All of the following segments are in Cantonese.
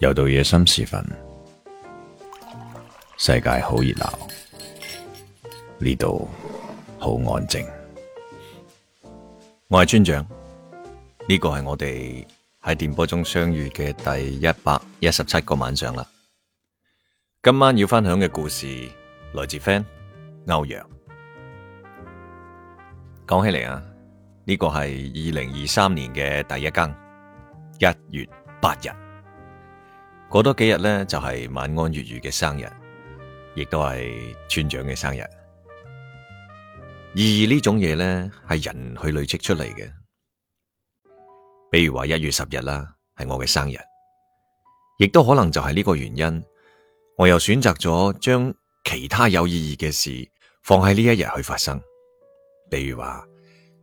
又到夜深時分，世界好熱鬧，呢度好安靜。我係村長，呢個係我哋喺電波中相遇嘅第一百一十七個晚上啦。今晚要分享嘅故事來自 FAN 歐陽。講起嚟啊，呢個係二零二三年嘅第一更，一月八日。過多幾日咧，就係晚安粵語嘅生日，亦都係村長嘅生日。意義呢種嘢咧，係人去累積出嚟嘅。比如話一月十日啦，係我嘅生日，亦都可能就係呢個原因，我又選擇咗將其他有意義嘅事放喺呢一日去發生。比如話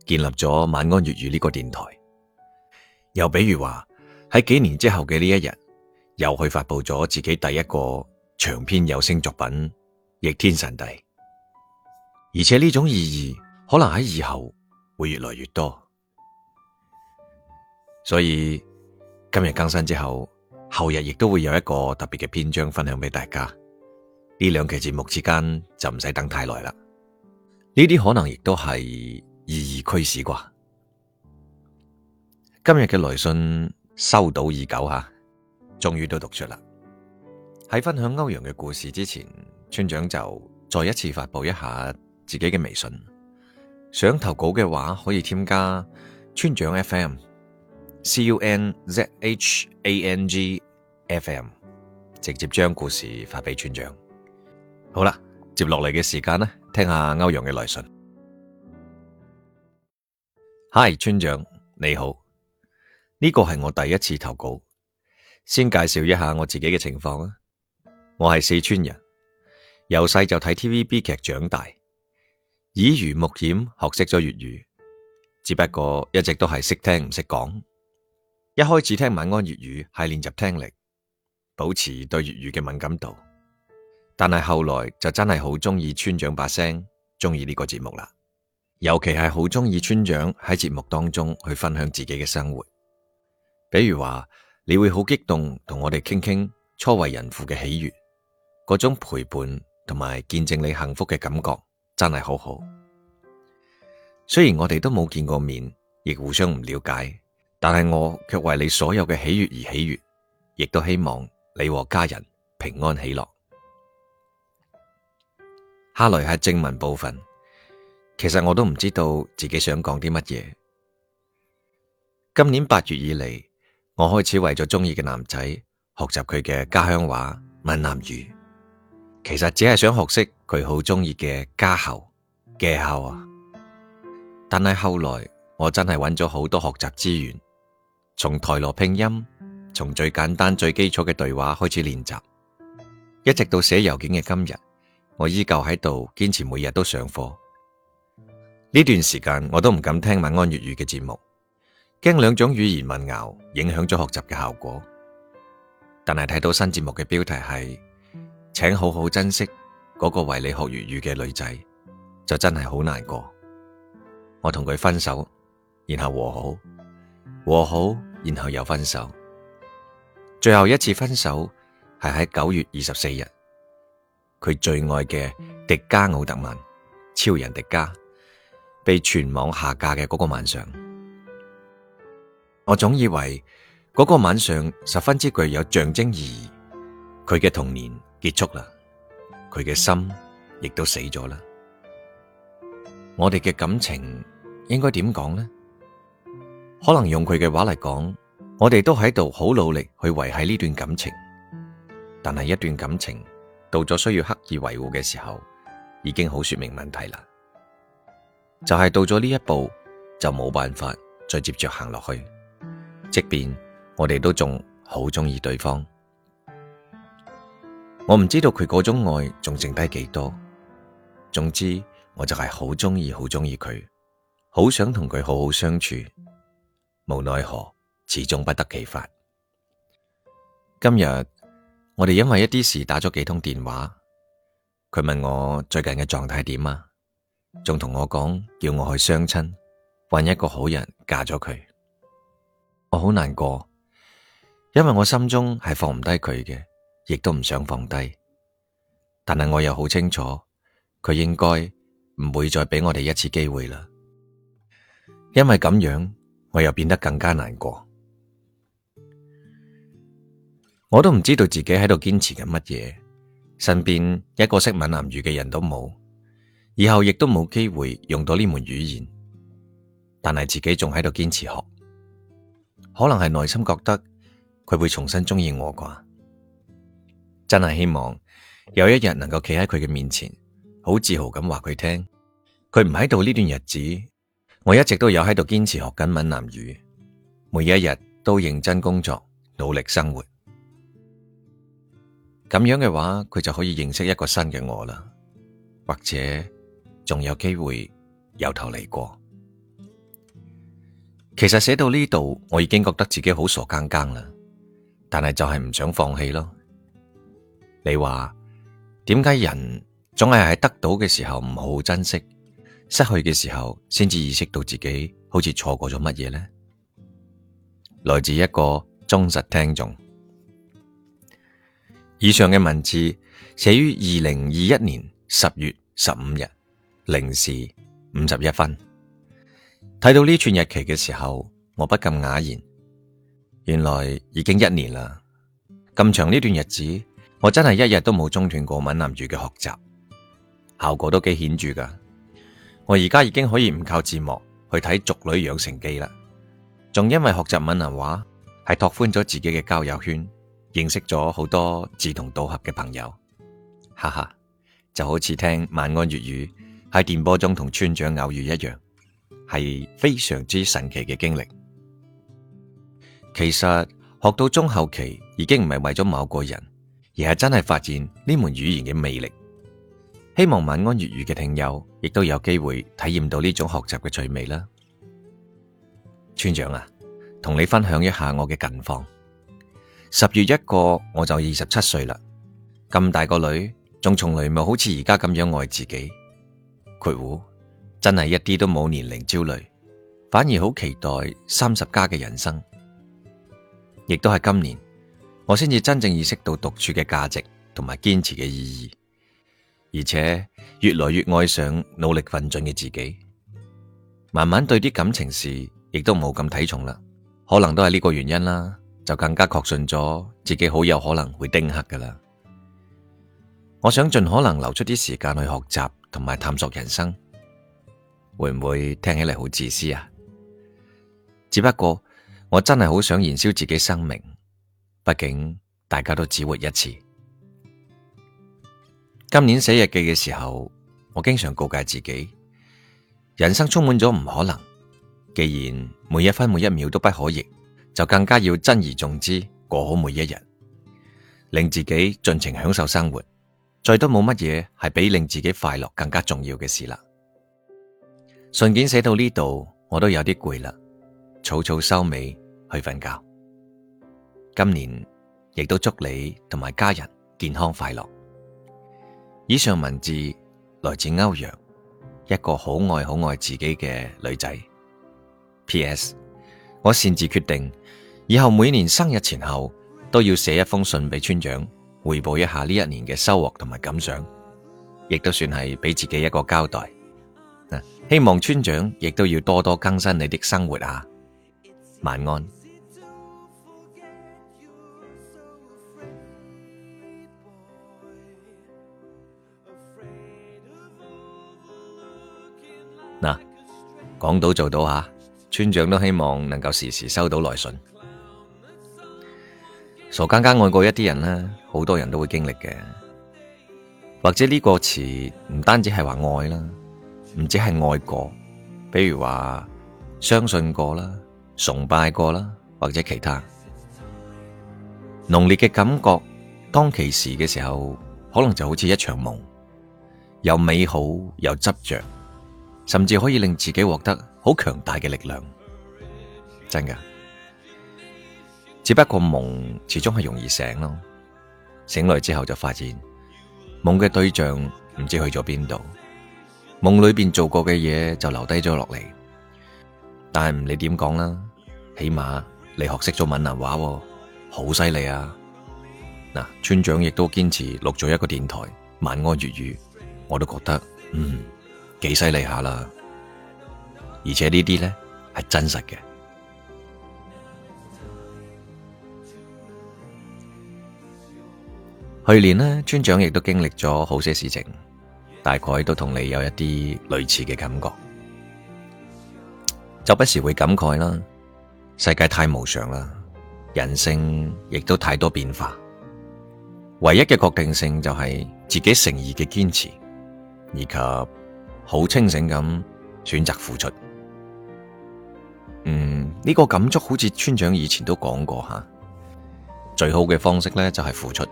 建立咗晚安粵語呢個電台，又比如話喺幾年之後嘅呢一日。又去發佈咗自己第一個長篇有聲作品《逆天神帝》，而且呢種意義可能喺以後會越嚟越多，所以今日更新之後，後日亦都會有一個特別嘅篇章分享俾大家。呢兩期節目之間就唔使等太耐啦，呢啲可能亦都係意義驅使啩。今日嘅來信收到已久吓。終於都讀出啦！喺分享歐陽嘅故事之前，村長就再一次發布一下自己嘅微信。想投稿嘅話，可以添加村長 FM，C U N Z H A N G F M，直接將故事發俾村長。好啦，接落嚟嘅時間呢，聽下歐陽嘅來信。Hi，村長你好，呢個係我第一次投稿。先介紹一下我自己嘅情況啊。我係四川人，由細就睇 TVB 劇長大，耳濡目染學識咗粵語，只不過一直都係識聽唔識講。一開始聽晚安粵語係練習聽力，保持對粵語嘅敏感度。但係後來就真係好鍾意村長把聲，鍾意呢個節目啦。尤其係好鍾意村長喺節目當中去分享自己嘅生活，比如話。你會好激動，同我哋傾傾初為人父嘅喜悦，嗰種陪伴同埋見證你幸福嘅感覺，真係好好。雖然我哋都冇見過面，亦互相唔了解，但係我卻為你所有嘅喜悦而喜悦，亦都希望你和家人平安喜樂。下嚟係正文部分，其實我都唔知道自己想講啲乜嘢。今年八月以嚟。我開始為咗中意嘅男仔學習佢嘅家鄉話閩南語，其實只係想學識佢好中意嘅家後、嘅後。啊！但係後來我真係揾咗好多學習資源，從台羅拼音，從最簡單最基礎嘅對話開始練習，一直到寫郵件嘅今日，我依舊喺度堅持每日都上課。呢段時間我都唔敢聽晚安粵語嘅節目。驚兩種語言混淆，影響咗學習嘅效果。但係睇到新節目嘅標題係，請好好珍惜嗰個為你學粵語嘅女仔，就真係好難過。我同佢分手，然後和好，和好，然後又分手。最後一次分手係喺九月二十四日，佢最愛嘅迪迦奧特曼、超人迪迦被全網下架嘅嗰個晚上。我總以為嗰個晚上十分之具有象徵意義，佢嘅童年結束啦，佢嘅心亦都死咗啦。我哋嘅感情應該點講呢？可能用佢嘅話嚟講，我哋都喺度好努力去維繫呢段感情，但係一段感情到咗需要刻意維護嘅時候，已經好說明問題啦。就係到咗呢一步，就冇辦法再接着行落去。即便我哋都仲好鍾意對方，我唔知道佢嗰種愛仲剩低幾多。總之，我就係好鍾意，好鍾意佢，好想同佢好好相處。無奈何，始終不得其法。今日我哋因為一啲事打咗幾通電話，佢問我最近嘅狀態點啊，仲同我講叫我去相親，揾一個好人嫁咗佢。我好難過，因為我心中係放唔低佢嘅，亦都唔想放低。但係我又好清楚，佢應該唔會再俾我哋一次機會啦。因為咁樣，我又變得更加難過。我都唔知道自己喺度堅持緊乜嘢，身邊一個識閩南語嘅人都冇，以後亦都冇機會用到呢門語言。但係自己仲喺度堅持學。可能係內心覺得佢會重新鍾意我啩，真係希望有一日能夠企喺佢嘅面前，好自豪咁話佢聽，佢唔喺度呢段日子，我一直都有喺度堅持學緊閩南語，每一日都認真工作，努力生活，咁樣嘅話，佢就可以認識一個新嘅我啦，或者仲有機會由頭嚟過。其實寫到呢度，我已經覺得自己好傻更更啦，但係就係唔想放棄咯。你話點解人總係喺得到嘅時候唔好珍惜，失去嘅時候先至意識到自己好似錯過咗乜嘢呢？來自一個忠實聽眾。以上嘅文字寫於二零二一年十月十五日零時五十一分。睇到呢串日期嘅時候，我不禁啞然，原來已經一年啦。咁長呢段日子，我真係一日都冇中斷過閩南語嘅學習，效果都幾顯著噶。我而家已經可以唔靠字幕去睇《俗女養成記》啦，仲因為學習閩南話係拓寬咗自己嘅交友圈，認識咗好多志同道合嘅朋友。哈哈，就好似聽晚安粵語喺電波中同村長偶遇一樣。係非常之神奇嘅經歷。其實學到中後期，已經唔係為咗某個人，而係真係發現呢門語言嘅魅力。希望晚安粵語嘅聽友亦都有機會體驗到呢種學習嘅趣味啦。村長啊，同你分享一下我嘅近況。十月一過，我就二十七歲啦。咁大個女，仲從來冇好似而家咁樣愛自己。括弧。真係一啲都冇年齡焦慮，反而好期待三十加嘅人生。亦都係今年，我先至真正意識到獨處嘅價值同埋堅持嘅意義，而且越來越愛上努力奮進嘅自己。慢慢對啲感情事亦都冇咁睇重啦。可能都係呢個原因啦，就更加確信咗自己好有可能會丁克㗎啦。我想盡可能留出啲時間去學習同埋探索人生。會唔會聽起嚟好自私啊？只不過我真係好想燃燒自己生命，畢竟大家都只活一次。今年寫日記嘅時候，我經常告誡自己：人生充滿咗唔可能，既然每一分每一秒都不可逆，就更加要珍而重之過好每一日，令自己盡情享受生活。再都冇乜嘢係比令自己快樂更加重要嘅事啦。信件寫到呢度，我都有啲攰啦，草草收尾，去瞓覺。今年亦都祝你同埋家人健康快樂。以上文字來自歐陽，一個好愛好愛自己嘅女仔。P.S. 我擅自決定，以後每年生日前後都要寫一封信俾村長，匯報一下呢一年嘅收穫同埋感想，亦都算係俾自己一個交代。希望村長亦都要多多更新你的生活啊！晚安嗱，講 到做到吓、啊，村長都希望能夠時時收到來信。傻更更愛過一啲人啦，好多人都會經歷嘅，或者呢個詞唔單止係話愛啦。唔止係愛過，比如話相信過啦、崇拜過啦，或者其他濃烈嘅感覺。當其時嘅時候，可能就好似一場夢，又美好又執着，甚至可以令自己獲得好強大嘅力量。真噶，只不過夢始終係容易醒咯，醒來之後就發現夢嘅對象唔知去咗邊度。夢裏邊做過嘅嘢就留低咗落嚟，但係唔理點講啦，起碼你學識咗閩南話喎，好犀利啊！嗱，村長亦都堅持錄咗一個電台《晚安粵語》，我都覺得嗯幾犀利下啦。而且呢啲咧係真實嘅。去年呢，村長亦都經歷咗好些事情。大概都同你有一啲類似嘅感覺，就不時會感慨啦。世界太無常啦，人性亦都太多變化，唯一嘅確定性就係自己誠意嘅堅持，以及好清醒咁選擇付出。嗯，呢個感觸好似村長以前都講過吓，最好嘅方式咧就係付出，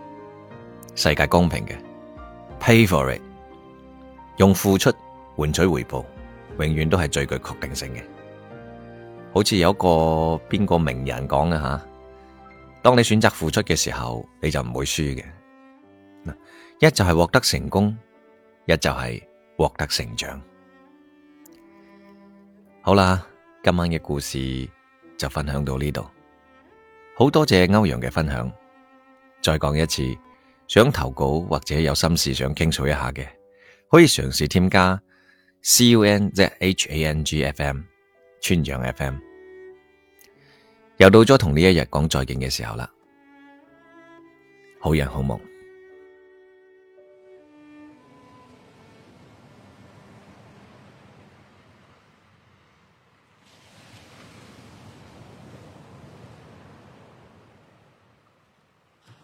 世界公平嘅，pay for it。用付出換取回報，永遠都係最具確定性嘅。好似有一個邊個名人講嘅吓，當你選擇付出嘅時候，你就唔會輸嘅。一就係獲得成功，一就係獲得成長。好啦，今晚嘅故事就分享到呢度，好多謝歐陽嘅分享。再講一次，想投稿或者有心事想傾訴一下嘅。可以嘗試添加 cunzhangfm 村長 FM。又到咗同呢一日講再見嘅時候啦，好人好夢。